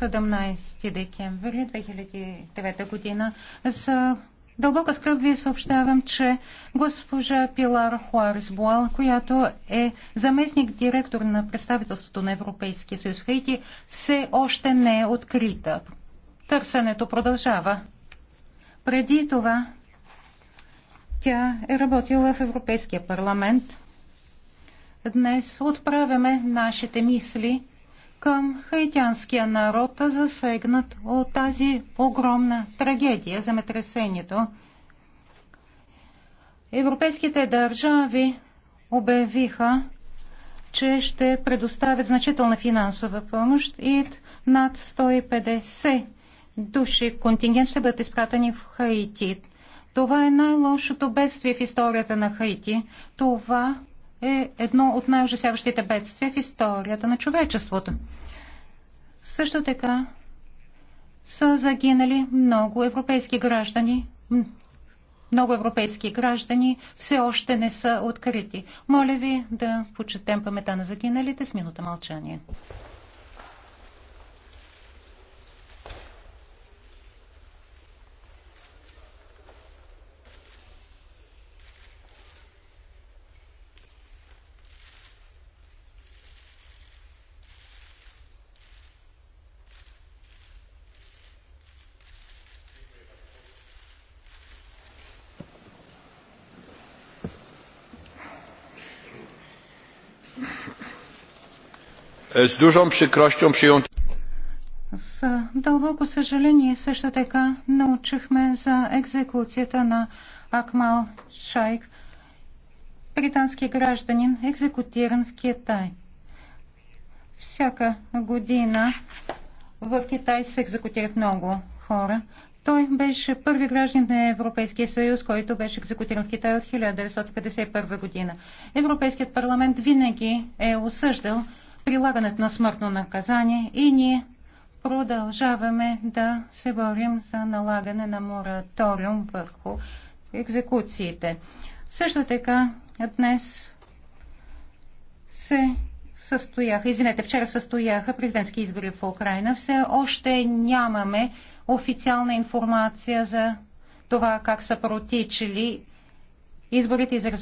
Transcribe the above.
17 декември 2009 година. За дълбока скръп ви съобщавам, че госпожа Пилар Хуарес Буал, която е заместник директор на представителството на Европейския съюз в Хаити, все още не е открита. Търсенето продължава. Преди това тя е работила в Европейския парламент. Днес отправяме нашите мисли към хаитянския народ, засегнат от тази огромна трагедия, земетресението. Европейските държави обявиха, че ще предоставят значителна финансова помощ и над 150 души контингент ще бъдат изпратени в Хаити. Това е най-лошото бедствие в историята на Хаити. Това е едно от най-ужасяващите бедствия в историята на човечеството. Също така са загинали много европейски граждани. Много европейски граждани все още не са открити. Моля ви да почетем памета на загиналите с минута мълчание. Z dużą przykrością С дълбоко съжаление също така научихме за екзекуцията на Акмал Шайк, британски гражданин, екзекутиран в Китай. Всяка година в Китай се екзекутират много хора. Той беше първи граждан на Европейския съюз, който беше екзекутиран в Китай от 1951 година. Европейският парламент винаги е осъждал прилагането на смъртно наказание и ние продължаваме да се борим за налагане на мораториум върху екзекуциите. Също така днес се състояха, извинете, вчера състояха президентски избори в Украина. Все още нямаме официална информация за това как са протичали изборите и за резултатите